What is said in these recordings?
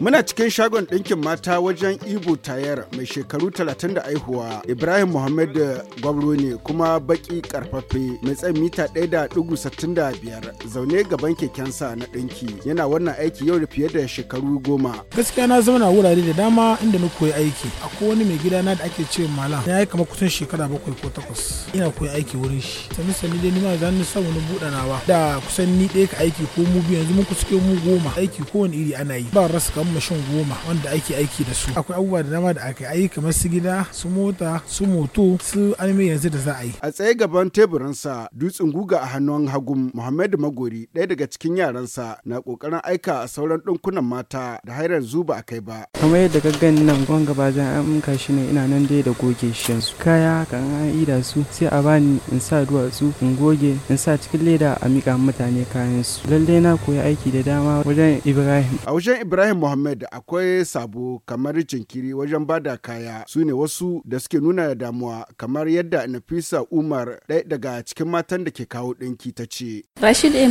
Muna cikin shagon ɗinkin mata wajen Ibo Tayar mai shekaru 30 da aihuwa Ibrahim Muhammad Gwabro ne kuma baki karfafe mai tsayin mita 1.65 zaune gaban sa na ɗinki yana wannan aiki yau da fiye da shekaru goma. Gaskiya na zama na wurare da dama inda na koyi aiki. Akwai wani mai gidana da ake ce malam ya yi kamar kusan shekara bakwai ko takwas. Ina koyi aiki wurin shi. Sani sani dai nima zan ni samu buɗa nawa da kusan ni ɗaya ka aiki ko mu biyu yanzu mun kusa mu goma aiki kowane iri ana yi ba rasa kamar mashin goma wanda ake aiki da su akwai abubuwa da dama da aka yi kamar su gida su mota su moto su almi yanzu da za a yi a tsaye gaban teburinsa dutsen guga a hannun hagun muhammadu magori ɗaya daga cikin yaransa na kokarin aika a sauran ɗinkunan mata da hairar zuba a kai ba kamar yadda ka gani nan gwan gaba zan amka shi ne ina nan dai da goge shi yanzu kaya kan an da su sai a bani in sa duwatsu in goge in sa cikin leda a mika mutane kayan su lallai na koyi aiki da dama wajen ibrahim a wajen ibrahim Mohammed akwai sabo kamar jinkiri wajen bada kaya su ne wasu da suke nuna da damuwa kamar yadda Nafisa Umar ɗaya daga cikin matan da ke kawo ɗinki ta ce. Rashid A.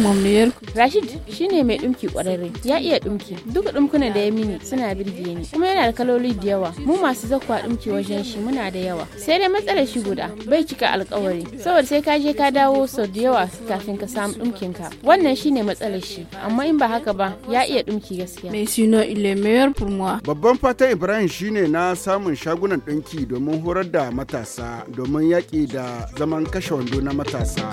Rashid shi ne mai ɗinki ƙwararre ya iya ɗinki duka ɗinkunan da ya mini suna birge ni kuma yana da kaloli da yawa mu masu zakwa ɗinki wajen shi muna da yawa sai dai matsalar shi guda bai cika alkawari saboda sai ka je ka dawo sau da yawa kafin ka samu ɗinkinka wannan shine matsalar shi amma in ba haka ba ya iya ɗinki gaskiya. Mai pour moi. Babban fatan Ibrahim shine na samun shagunan ɗinki domin horar da matasa domin yaƙi da zaman kashe wando na matasa.